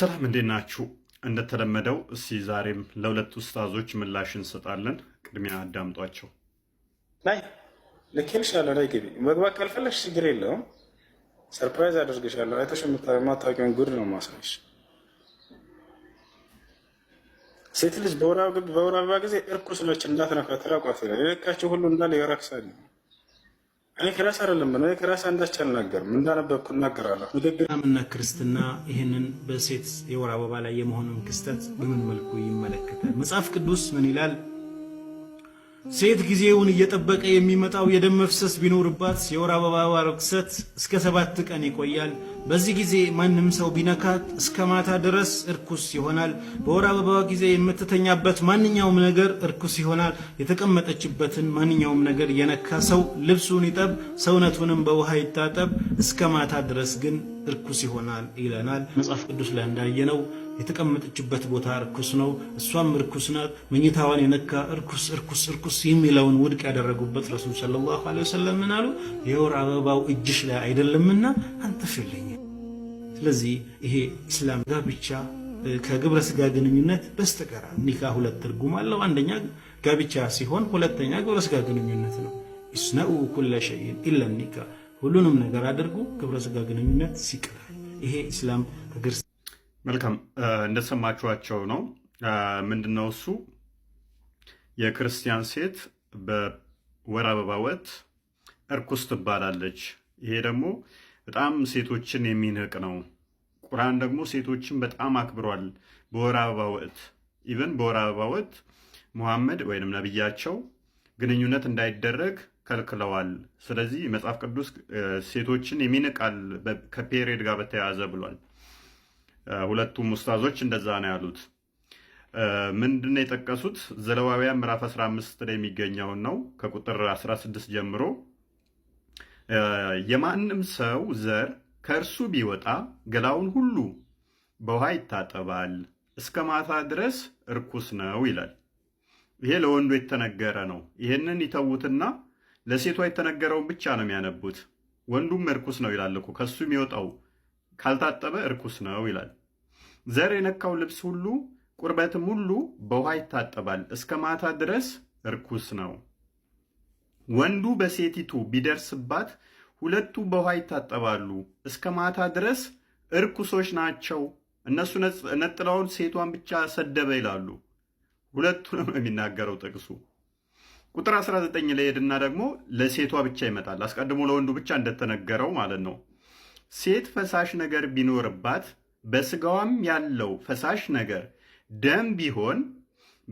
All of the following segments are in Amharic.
ሰላም እንዴት ናችሁ? እንደተለመደው እስኪ ዛሬም ለሁለት ውስጣዞች ምላሽ እንሰጣለን። ቅድሚያ አዳምጧቸው። ናይ ልኬልሻለሁ፣ ላይ ግቢ። መግባት ካልፈለሽ ችግር የለውም፣ ሰርፕራይዝ አደርግሻለሁ። አይተሽ የማታውቂውን ጉድ ነው ማሳይሽ። ሴት ልጅ በወር አበባ ጊዜ እርኩስ ነች፣ እንዳትነካ ተራቋት ይላል። ሁሉ እንዳለ የራክሳል እኔ ከራስ አይደለም ነው ከራስ አንዳች አልናገርም። እንዳነበብኩ እናገራለሁ። በገናምና ክርስትና ይህንን በሴት የወር አበባ ላይ የመሆኑን ክስተት በምን መልኩ ይመለከታል? መጽሐፍ ቅዱስ ምን ይላል? ሴት ጊዜውን እየጠበቀ የሚመጣው የደም መፍሰስ ቢኖርባት የወር አበባ ርክሰት እስከ ሰባት ቀን ይቆያል። በዚህ ጊዜ ማንም ሰው ቢነካት እስከ ማታ ድረስ እርኩስ ይሆናል። በወር አበባዋ ጊዜ የምትተኛበት ማንኛውም ነገር እርኩስ ይሆናል። የተቀመጠችበትን ማንኛውም ነገር የነካ ሰው ልብሱን ይጠብ፣ ሰውነቱንም በውሃ ይታጠብ፣ እስከ ማታ ድረስ ግን እርኩስ ይሆናል ይለናል። መጽሐፍ ቅዱስ ላይ እንዳየነው የተቀመጠችበት ቦታ እርኩስ ነው፣ እሷም እርኩስ ናት። መኝታዋን የነካ እርኩስ እርኩስ እርኩስ የሚለውን ውድቅ ያደረጉበት ረሱል ሰለላሁ ዐለይሂ ወሰለም ምን አሉ? የወር አበባው እጅሽ ላይ አይደለምና አንጥፊልኝ ስለዚህ ይሄ እስላም ጋብቻ ከግብረ ስጋ ግንኙነት በስተቀር ኒካ ሁለት ትርጉም አለው። አንደኛ ጋብቻ ሲሆን፣ ሁለተኛ ግብረ ስጋ ግንኙነት ነው። ኢስነኡ ኩለ ሸይን ኢለ ኒካ፣ ሁሉንም ነገር አድርጉ ግብረ ስጋ ግንኙነት ሲቀራል። ይሄ እስላም ከግር መልካም እንደሰማችኋቸው ነው። ምንድነው እሱ የክርስቲያን ሴት በወር አበባ ወት እርኩስ ትባላለች። ይሄ ደግሞ በጣም ሴቶችን የሚንቅ ነው። ቁርአን ደግሞ ሴቶችን በጣም አክብሯል። በወር አበባ ወቅት ኢቨን በወር አበባ ወቅት ሙሐመድ ወይንም ነብያቸው ግንኙነት እንዳይደረግ ከልክለዋል። ስለዚህ መጽሐፍ ቅዱስ ሴቶችን የሚንቃል ከፔሬድ ጋር በተያያዘ ብሏል። ሁለቱም ውስታዞች እንደዛ ነው ያሉት። ምንድን የጠቀሱት? ዘለዋውያን ምዕራፍ 15 ላይ የሚገኘውን ነው ከቁጥር 16 ጀምሮ የማንም ሰው ዘር ከእርሱ ቢወጣ ገላውን ሁሉ በውሃ ይታጠባል፣ እስከ ማታ ድረስ እርኩስ ነው ይላል። ይሄ ለወንዱ የተነገረ ነው። ይህንን ይተዉትና ለሴቷ የተነገረውን ብቻ ነው የሚያነቡት። ወንዱም እርኩስ ነው ይላል እኮ ከእሱ የሚወጣው ካልታጠበ እርኩስ ነው ይላል። ዘር የነካው ልብስ ሁሉ ቁርበትም ሁሉ በውሃ ይታጠባል፣ እስከ ማታ ድረስ እርኩስ ነው። ወንዱ በሴቲቱ ቢደርስባት ሁለቱ በውሃ ይታጠባሉ እስከ ማታ ድረስ እርኩሶች ናቸው። እነሱ ነጥላውን ሴቷን ብቻ ሰደበ ይላሉ። ሁለቱ ነው የሚናገረው ጥቅሱ። ቁጥር 19 ላይ ሄድና ደግሞ ለሴቷ ብቻ ይመጣል። አስቀድሞ ለወንዱ ብቻ እንደተነገረው ማለት ነው። ሴት ፈሳሽ ነገር ቢኖርባት በስጋዋም ያለው ፈሳሽ ነገር ደም ቢሆን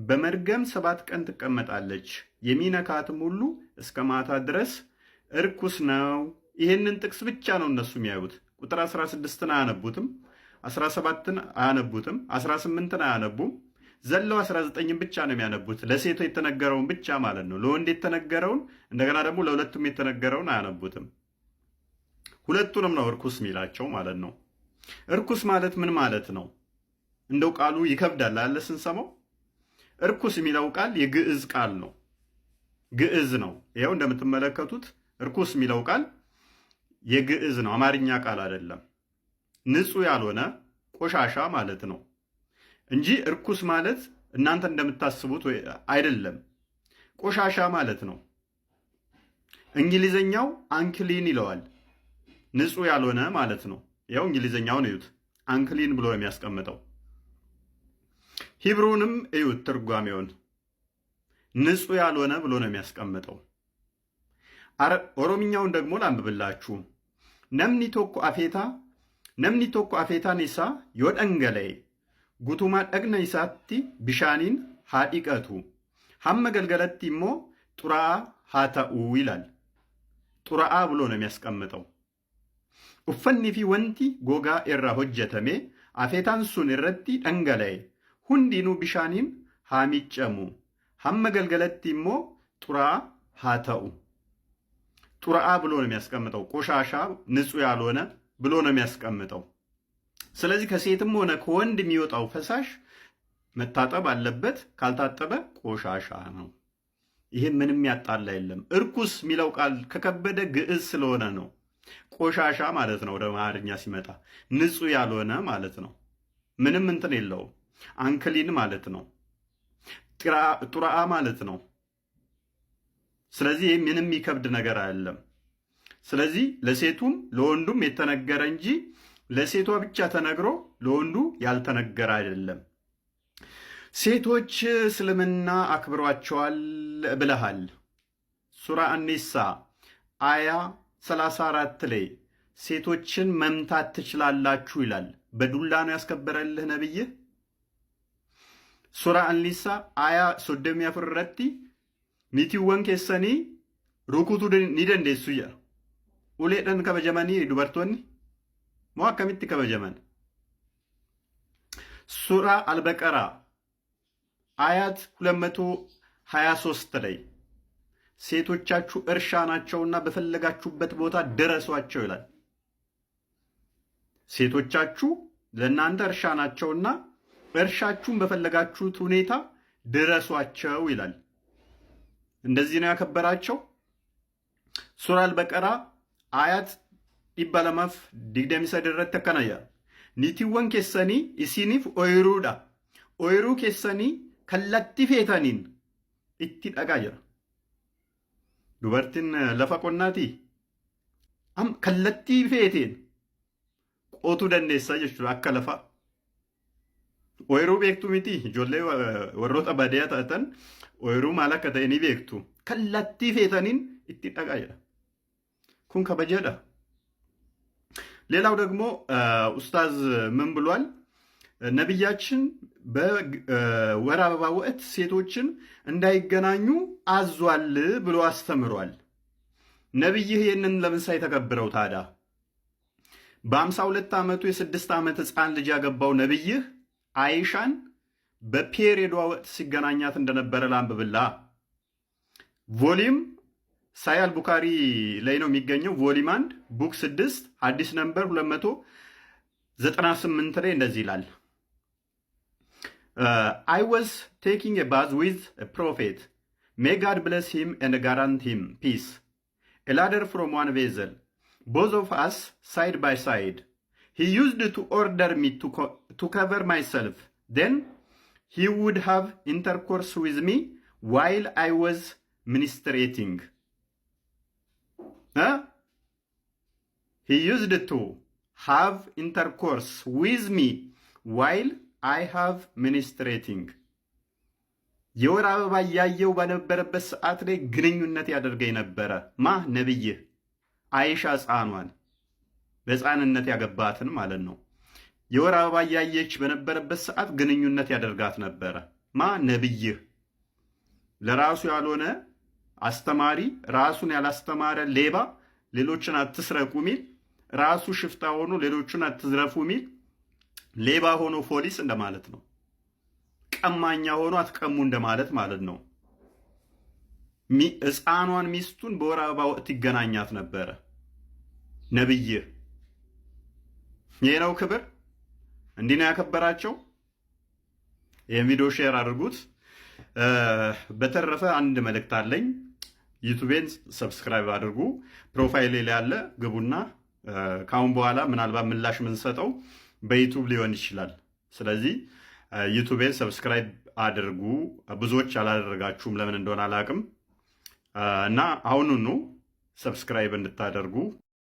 በመርገም ሰባት ቀን ትቀመጣለች። የሚነካትም ሁሉ እስከ ማታ ድረስ እርኩስ ነው። ይህንን ጥቅስ ብቻ ነው እነሱ የሚያዩት። ቁጥር 16ን አያነቡትም፣ 17ን አያነቡትም፣ 18ን አያነቡም። ዘለው 19ን ብቻ ነው የሚያነቡት። ለሴቶ የተነገረውን ብቻ ማለት ነው። ለወንድ የተነገረውን እንደገና ደግሞ ለሁለቱም የተነገረውን አያነቡትም። ሁለቱንም ነው እርኩስ የሚላቸው ማለት ነው። እርኩስ ማለት ምን ማለት ነው? እንደው ቃሉ ይከብዳል አለ ስንሰማው። እርኩስ የሚለው ቃል የግዕዝ ቃል ነው። ግዕዝ ነው። ይኸው እንደምትመለከቱት እርኩስ የሚለው ቃል የግዕዝ ነው፣ አማርኛ ቃል አይደለም። ንጹህ ያልሆነ ቆሻሻ ማለት ነው እንጂ እርኩስ ማለት እናንተ እንደምታስቡት አይደለም። ቆሻሻ ማለት ነው። እንግሊዘኛው አንክሊን ይለዋል። ንጹህ ያልሆነ ማለት ነው። ያው እንግሊዘኛውን እዩት፣ አንክሊን ብሎ የሚያስቀምጠው ሂብሩንም እዩት ትርጓሜውን ንጹህ ያልሆነ ብሎ ነው የሚያስቀምጠው። ኦሮምኛውን ደግሞ ላንብብላችሁ። ነምኒ ቶኮ አፌታ ነምኒ ቶኮ አፌታን ኢሳ ዮ ጉቱማ ደግነ ይሳቲ ቢሻኒን ሀዲቀቱ ሀመ ገልገለቲ እሞ ጡረአ ሀተኡ ይላል። ጡራአ ብሎ ነው የሚያስቀምጠው። ኡፈኒ ፊ ወንቲ ጎጋ ኤራ ሆጀተሜ አፌታን ሱን ኢረቲ ደንገለኤ ሁንዲኑ ቢሻኒን ሀሚጨሙ ሀመ ገልገለቲ እሞ ጡራ ሀተው ጡርአ ብሎ ነው የሚያስቀምጠው። ቆሻሻ ንጹህ ያልሆነ ብሎ ነው የሚያስቀምጠው። ስለዚህ ከሴትም ሆነ ከወንድ የሚወጣው ፈሳሽ መታጠብ አለበት። ካልታጠበ ቆሻሻ ነው። ይሄ ምንም ያጣላ የለም። እርኩስ የሚለው ቃል ከከበደ ግዕዝ ስለሆነ ነው። ቆሻሻ ማለት ነው። ወደ አማርኛ ሲመጣ ንጹህ ያልሆነ ማለት ነው። ምንም እንትን የለውም። አንክሊን ማለት ነው። ጡራአ ማለት ነው። ስለዚህ ይህ ምንም የሚከብድ ነገር አይደለም። ስለዚህ ለሴቱም ለወንዱም የተነገረ እንጂ ለሴቷ ብቻ ተነግሮ ለወንዱ ያልተነገረ አይደለም። ሴቶች እስልምና አክብሯቸዋል ብለሃል። ሱራ አኒሳ አያ 34 ላይ ሴቶችን መምታት ትችላላችሁ ይላል። በዱላ ነው ያስከበረልህ ነብይህ suuraa Anlisa aya soddomii afur irratti niitiiwwan keessanii rukutuu ni dandeessu jedha. Uleedhaan kabajamanii dubartoonni moo akkamitti kabajaman? Suuraa albaqaraa አያት 223 ላይ ሴቶቻችሁ እርሻ ናቸውና በፈለጋችሁበት ቦታ ድረሷቸው ይላል። ሴቶቻችሁ ለእናንተ እርሻ ናቸውና እርሻችሁን በፈለጋችሁት ሁኔታ ድረሷቸው ይላል። እንደዚህ ነው ያከበራቸው። ሱራል በቀራ አያት ዲባለማፍ ዲግደሚሰ ድረት ተከናያ ኒቲወን ኬሰኒ ኢሲኒፍ ኦይሩዳ ኦይሩ ኬሰኒ ከላቲ ፌተኒን እቲ ጠቃ ጀራ ዱበርቲን ለፈቆናቲ ቆናቲ ከለቲ ፌቴን ቆቱ ደንዴሳ ጀቹ አከ ለፋ Ooyiruu beektuu miti. Ijoollee warroota baadiyyaa taatan ooyiruu maal akka ta'e ni beektu. Kallattii feetaniin ittiin dhaqaa jedha. Kun kabajaadha. ሌላው ደግሞ ኡስታዝ ምን ብሏል? ነቢያችን በወር አበባ ወቅት ሴቶችን እንዳይገናኙ አዟል ብሎ አስተምሯል። ነቢይህ ይህንን ለምን ሳይተከብረው ታዳ? በአምሳ ሁለት ዓመቱ የስድስት ዓመት ሕፃን ልጅ ያገባው ነቢይህ አይሻን በፔሬዷ ወቅት ሲገናኛት እንደነበረ ላንብብላ። ቮሊም ሳያል ቡካሪ ላይ ነው የሚገኘው። ቮሊም አንድ ቡክ ስድስት አዲስ ነምበር 298 ላይ እንደዚህ ይላል አይ ዋዝ ቴኪንግ ባዝ ዊዝ ፕሮፌት ሜይ ጋድ ብለስ ሂም ኤንድ ጋራንት ሂም ፒስ ኤላደር ፍሮም ዋን ቬዘል ቦዝ ኦፍ አስ ሳይድ ባይ ሳይድ ሂ ዩዝድ ቱ ኦርደር ሚ ቱ ከቨር ማይሰልፍ ን ሂ ውድ ሃቭ ኢንተርኮርስ ዊዝ ሚ ዋይል አይ ወዝ ሚኒስትሬቲንግ ሂ ዩዝድ ቱ ሃቭ ኢንተርኮርስ ዊዝ ሚ ዋይል አይ ሃቭ ሚኒስትሬቲንግ የወር አበባ እያየው በነበረበት ሰዓት ላይ ግንኙነት ያደርገኝ ነበረ። ማ ነብይህ አይሻ ሕፃኗን በሕፃንነት ያገባትን ማለት ነው። የወር አበባ እያየች በነበረበት ሰዓት ግንኙነት ያደርጋት ነበረ። ማ ነብይህ ለራሱ ያልሆነ አስተማሪ፣ ራሱን ያላስተማረ ሌባ፣ ሌሎችን አትስረቁ ሚል ራሱ ሽፍታ ሆኖ ሌሎችን አትዝረፉ ሚል ሌባ ሆኖ ፖሊስ እንደማለት ነው። ቀማኛ ሆኖ አትቀሙ እንደማለት ማለት ነው። ሕፃኗን ሚስቱን በወር አበባ ወቅት ይገናኛት ነበረ። ነብይህ ይህ ነው ክብር። እንዲህ ነው ያከበራቸው። የቪዲዮ ሼር አድርጉት። በተረፈ አንድ መልእክት አለኝ። ዩቱቤን ሰብስክራይብ አድርጉ። ፕሮፋይሌ ላይ ያለ ግቡና ከአሁን በኋላ ምናልባት ምላሽ የምንሰጠው በዩቱብ ሊሆን ይችላል። ስለዚህ ዩቱቤን ሰብስክራይብ አድርጉ። ብዙዎች አላደረጋችሁም፣ ለምን እንደሆነ አላውቅም። እና አሁኑኑ ሰብስክራይብ እንድታደርጉ